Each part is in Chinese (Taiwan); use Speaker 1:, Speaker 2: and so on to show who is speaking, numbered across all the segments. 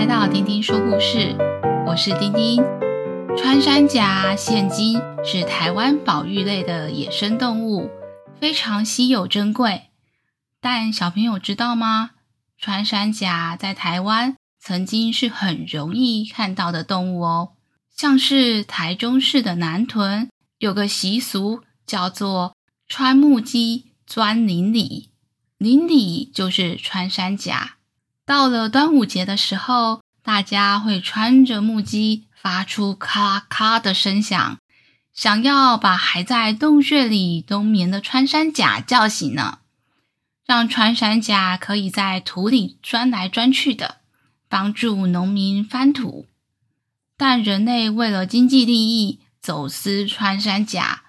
Speaker 1: 來到丁丁說故事，我是丁丁。穿山甲現今是台灣保育類的野生動物，非常稀有珍貴。但小朋友知道嗎？穿山甲在台灣曾經是很容易看到的動物哦。像是台中市的南屯有個習俗叫做穿木屐鑽鯪鯉，鯪鯉就是穿山甲。到了端午節的時候，大家會穿着木屐，發出咔咔的聲響，想要把還在洞穴裡冬眠的穿山甲叫醒呢，讓穿山甲可以在土裡鑽來鑽去的，幫助農民翻土。但人類為了經濟利益，走私穿山甲，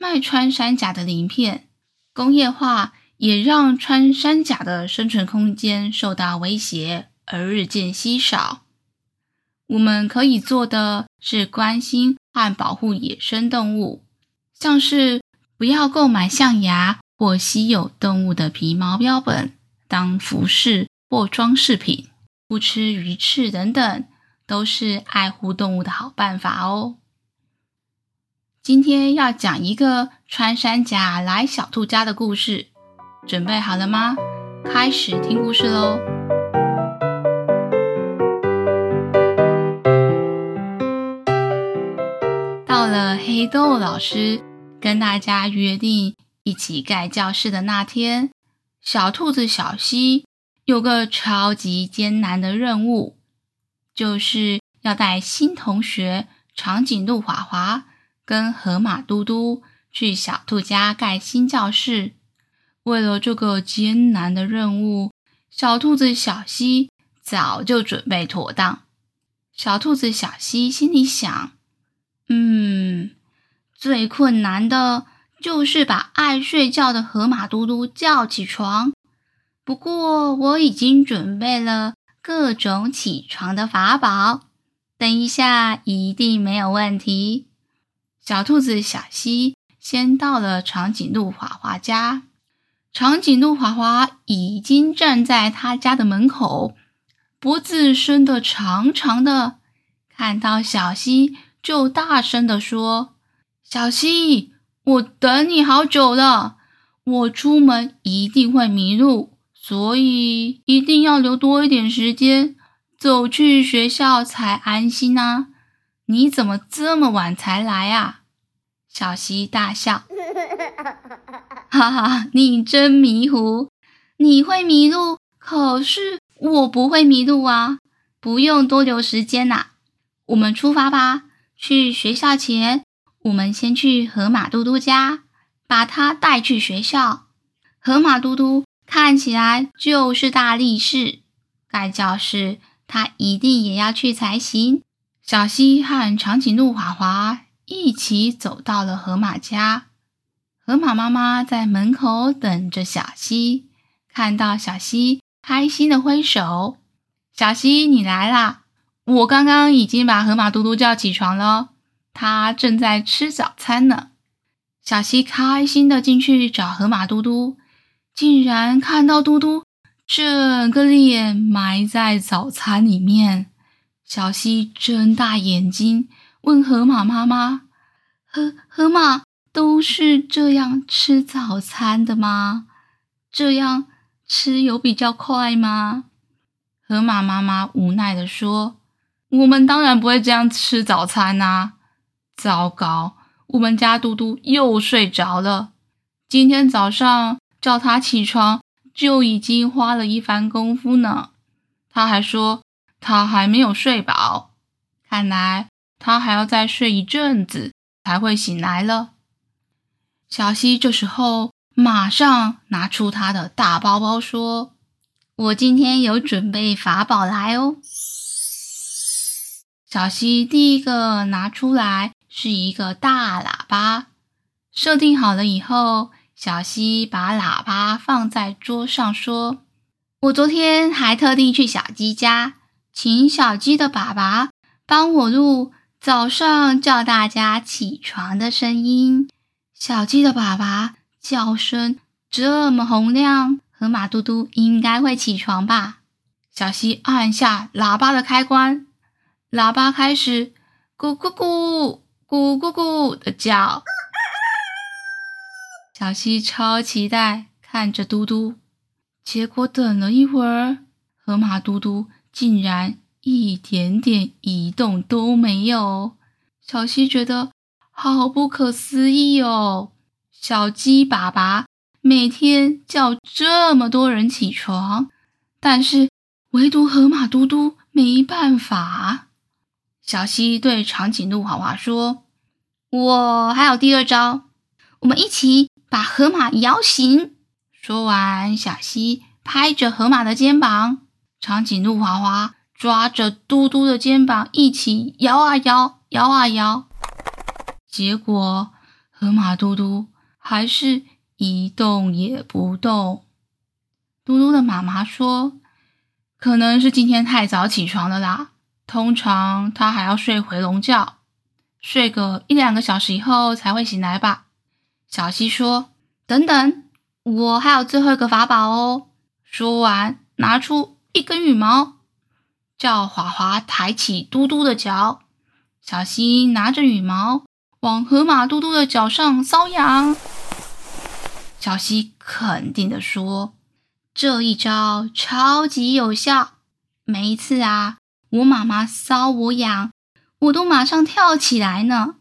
Speaker 1: 賣穿山甲的鱗片，工業化。也讓穿山甲的生存空間受到威脅，而日漸稀少。我們可以做的，是關心和保護野生動物，像是不要購買象牙或稀有動物的皮毛標本，當服飾或裝飾品，不吃魚翅等等，都是愛護動物的好辦法哦。今天要講一個穿山甲來小兔家的故事。準備好了嗎？開始聽故事嘍！到了黑豆老師跟大家約定一起蓋教室的那天，小兔子小希有個超級艱難的任務，就是要帶新同學長頸鹿花花跟河馬嘟嘟去小兔家蓋新教室。為了這個艱難的任務，小兔子小希早就準備妥當。小兔子小希心裡想：“嗯，最困難的就是把愛睡覺的河馬嘟嘟叫起床。不過我已經準備了各種起床的法寶，等一下一定沒有問題。”小兔子小希先到了長頸鹿花花家。長頸鹿花花已經站在他家的門口，脖子伸得長長的，看到小希就大聲地說：“小希，我等你好久了。我出門一定會迷路，所以一定要留多一點時間走去學校才安心啊！你怎麼這麼晚才來啊？”小希大笑。 哈哈，你真迷糊！你會迷路，可是我不會迷路啊！不用多留時間吶、啊，我們出發吧。去學校前，我們先去河馬嘟嘟家，把他帶去學校。河馬嘟嘟看起來就是大力士，蓋教室他一定也要去才行。小希和長頸鹿花花一起走到了河馬家。河馬媽媽在門口等着小希，看到小希開心的揮手：“小希，你來啦！我剛剛已經把河馬嘟嘟叫起床了，它正在吃早餐呢。”小希開心的進去找河馬嘟嘟，竟然看到嘟嘟整個臉埋在早餐裡面。小希睜大眼睛問河馬媽媽：“河河馬？”都是這樣吃早餐的嗎？這樣吃有比較快嗎？河馬媽媽無奈地說：“我們當然不會這樣吃早餐啊。”糟糕，我們家嘟嘟又睡着了。今天早上叫他起床就已經花了一番功夫呢。他還說他還沒有睡飽，看來他還要再睡一陣子才會醒來了。小希這時候馬上拿出他的大包包，說：“我今天有準備法寶來哦。”小希第一個拿出來是一個大喇叭，設定好了以後，小希把喇叭放在桌上，說：“我昨天還特地去小雞家，請小雞的爸爸幫我錄早上叫大家起床的聲音。”小雞的爸爸叫聲這麼洪亮，河馬嘟嘟應該會起床吧？小希按下喇叭的開關，喇叭開始“咕咕咕咕咕咕”的叫。小希超期待看着嘟嘟，結果等了一會兒，河馬嘟嘟竟然一點點移動都沒有。小希覺得。好不可思議哦！小雞爸爸每天叫這麼多人起床，但是唯獨河馬嘟嘟沒辦法。小希對長頸鹿花花說：“我還有第二招，我們一起把河馬搖醒。”說完，小希拍着河馬的肩膀，長頸鹿花花抓着嘟嘟的肩膀，一起搖啊搖，搖啊搖。結果河馬嘟嘟還是一動也不動。嘟嘟的媽媽說：“可能是今天太早起床了啦，通常她還要睡回籠覺，睡個一兩個小時以後才會醒來吧。”小希說：“等等，我還有最後一個法寶哦！”說完，拿出一根羽毛，叫花花抬起嘟嘟的腳。小希拿着羽毛。往河馬嘟嘟的腳上搔癢，小希肯定地說：“這一招超級有效，每一次啊，我媽媽搔我癢，我都馬上跳起來呢。”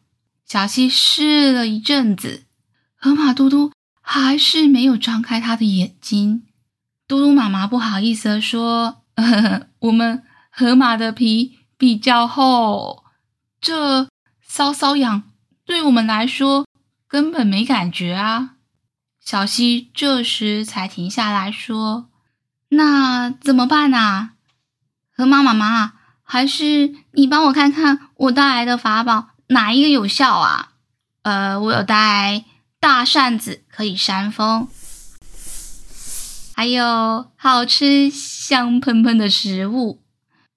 Speaker 1: 小希試了一陣子，河馬嘟嘟還是沒有張開他的眼睛。嘟嘟媽媽不好意思地說：“呵呵，我們河馬的皮比較厚，這搔搔癢。”對我們來說，根本沒感覺啊！小希這時才停下來說：“那怎麼辦啊？河馬媽媽，還是你幫我看看我帶來的法寶哪一個有效啊？呃，我有帶大扇子可以扇風，還有好吃香噴噴的食物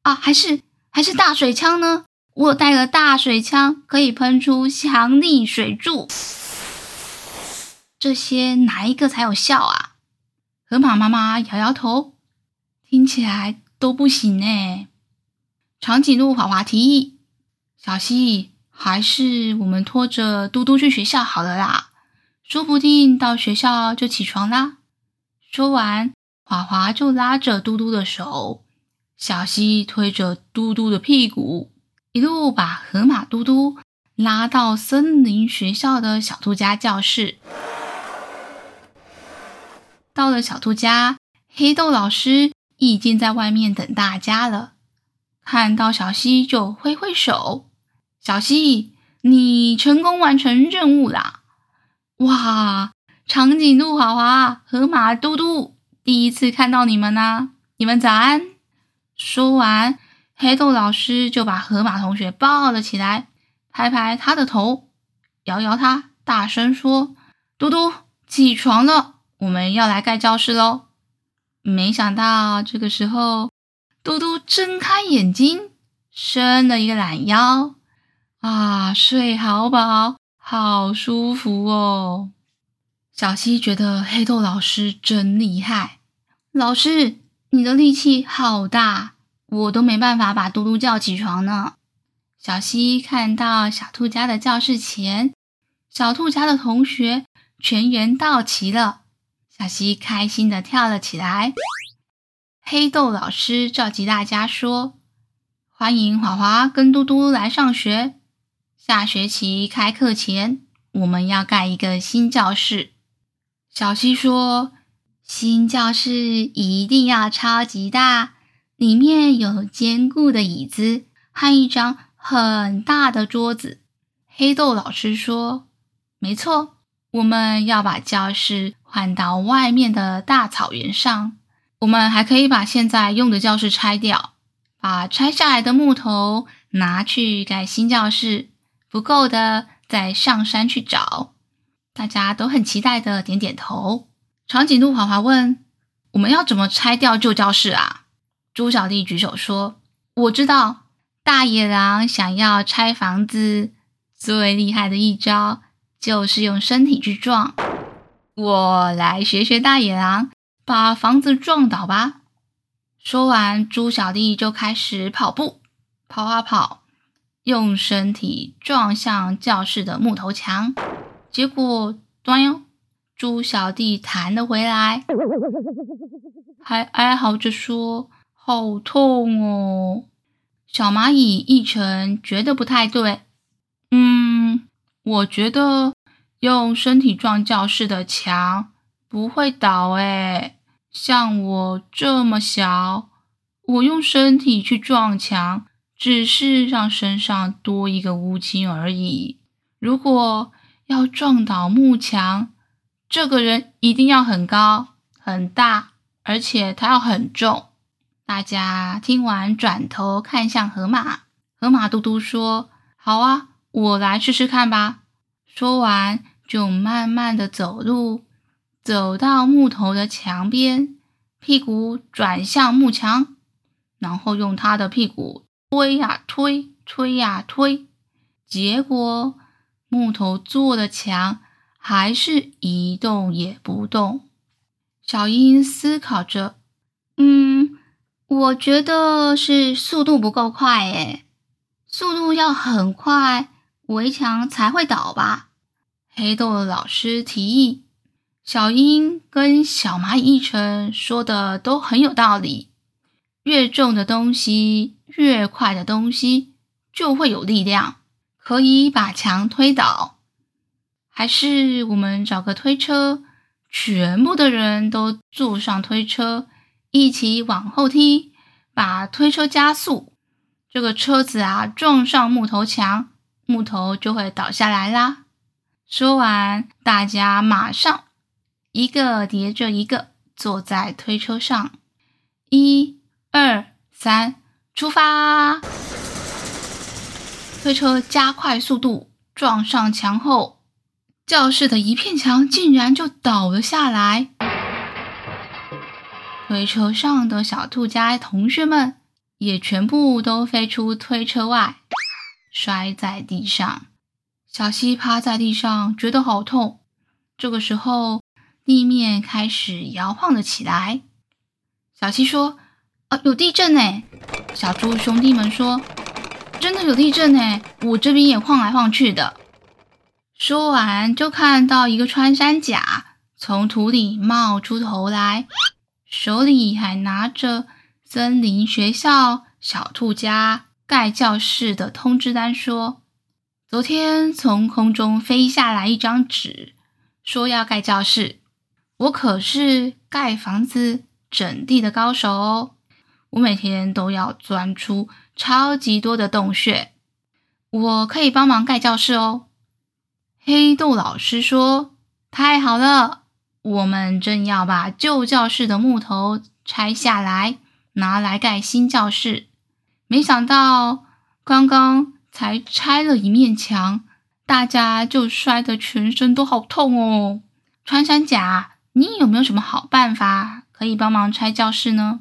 Speaker 1: 啊，還是還是大水槍呢？”我帶了大水槍，可以噴出強力水柱。這些哪一個才有效啊？河馬媽媽搖搖頭，聽起來都不行呢。長頸鹿花花提議：“小希，還是我們拖着嘟嘟去學校好了啦，說不定到學校就起床啦。”說完，花花就拉着嘟嘟的手，小希推着嘟嘟的屁股。一路把河馬嘟嘟拉到森林學校的小兔家教室。到了小兔家，黑豆老師已經在外面等大家了。看到小希就揮揮手：“小希，你成功完成任務啦！”哇，長頸鹿花花！河馬嘟嘟，第一次看到你們呢。啊，你們早安。說完。黑豆老師就把河馬同學抱了起來，拍拍他的頭，搖搖他，大聲說：“嘟嘟，起床了，我們要來蓋教室嘍！”沒想到這個時候，嘟嘟睜開眼睛，伸了一個懶腰，啊，睡好飽，好舒服哦！小希覺得黑豆老師真厲害，老師，你的力氣好大。我都沒辦法把嘟嘟叫起床呢。小希看到小兔家的教室前，小兔家的同學全員到齊了，小希開心的跳了起來。黑豆老師召集大家說：“歡迎花花跟嘟嘟來上學。下學期開課前，我們要蓋一個新教室。”小希說：“新教室一定要超級大。”裡面有堅固的椅子和一張很大的桌子。黑豆老師說：“沒錯，我們要把教室換到外面的大草原上。我們還可以把現在用的教室拆掉，把拆下來的木頭拿去蓋新教室，不夠的再上山去找。”大家都很期待的點點頭。長頸鹿花花問：“我們要怎麼拆掉舊教室啊？”豬小弟舉手說：“我知道，大野狼想要拆房子，最厲害的一招就是用身體去撞。我來學學大野狼，把房子撞倒吧。”說完，豬小弟就開始跑步，跑啊跑，用身體撞向教室的木頭牆。結果，咚喲，豬小弟彈了回來，還哀嚎着說。好痛哦！小螞蟻一成覺得不太對。嗯，我覺得用身體撞教室的牆不會倒哎。像我這麼小，我用身體去撞牆，只是讓身上多一個烏青而已。如果要撞倒木牆，這個人一定要很高、很大，而且他要很重。大家聽完，轉頭看向河馬。河馬嘟嘟說：“好啊，我來試試看吧。”說完，就慢慢的走路，走到木頭的牆邊，屁股轉向木牆，然後用他的屁股推呀推，推呀推，結果木頭做的牆還是一動也不動。小英思考着：“嗯。”我覺得是速度不夠快哎，速度要很快，圍牆才會倒吧。黑豆老師提議，小希跟小螞蟻一程說的都很有道理，越重的東西，越快的東西就會有力量，可以把牆推倒。還是我們找個推車，全部的人都坐上推車。一起往後踢，把推車加速。這個車子啊，撞上木頭牆，木頭就會倒下來啦。說完，大家馬上一個疊着一個坐在推車上，一二三，出發！推車加快速度，撞上牆後，教室的一片牆竟然就倒了下來。推車上的小兔家同學們也全部都飛出推車外，摔在地上。小希趴在地上，覺得好痛。這個時候，地面開始搖晃了起來。小希說：“啊、哦，有地震呢！”小豬兄弟們說：“真的有地震呢！我這邊也晃來晃去的。”說完，就看到一個穿山甲從土裡冒出頭來。手裡還拿着《森林學校小兔家蓋教室的通知單》，說：“昨天從空中飛下來一張紙，說要蓋教室。我可是蓋房子、整地的高手哦！我每天都要鑽出超級多的洞穴，我可以幫忙蓋教室哦。”黑豆老師說：“太好了！”我們正要把舊教室的木頭拆下來，拿來蓋新教室。沒想到剛剛才拆了一面牆，大家就摔得全身都好痛哦！穿山甲，你有沒有什麼好辦法可以幫忙拆教室呢？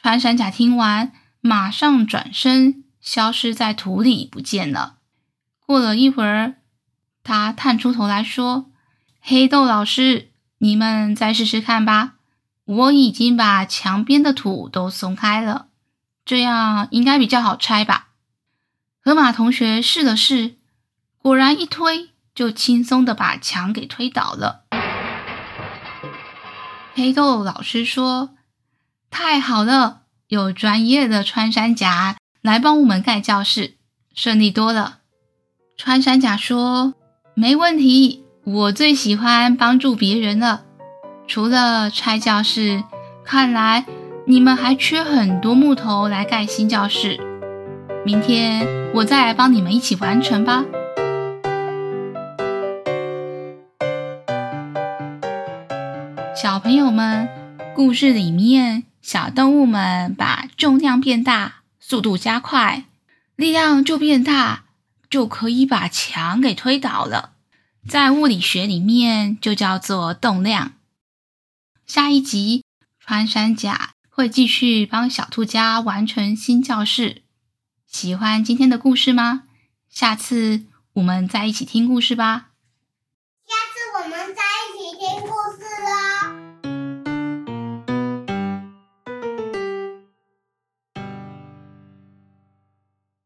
Speaker 1: 穿山甲聽完，馬上轉身消失在土裡不見了。過了一會兒，他探出頭來說：“黑豆老師。”你們再試試看吧，我已經把牆邊的土都鬆開了，這樣應該比較好拆吧？河馬同學試了試，果然一推就輕鬆地把牆給推倒了。黑豆老師說：“太好了，有專業的穿山甲來幫我們蓋教室，順利多了。”穿山甲說：“沒問題。”我最喜歡幫助別人了，除了拆教室，看來你們還缺很多木頭來蓋新教室。明天我再來幫你們一起完成吧。小朋友們，故事裡面，小動物們把重量變大，速度加快，力量就變大，就可以把牆給推倒了。在物理學裡面就叫做動量。下一集穿山甲會繼續幫小兔家完成新教室。喜歡今天的故事嗎？下次我們再一起聽故事吧。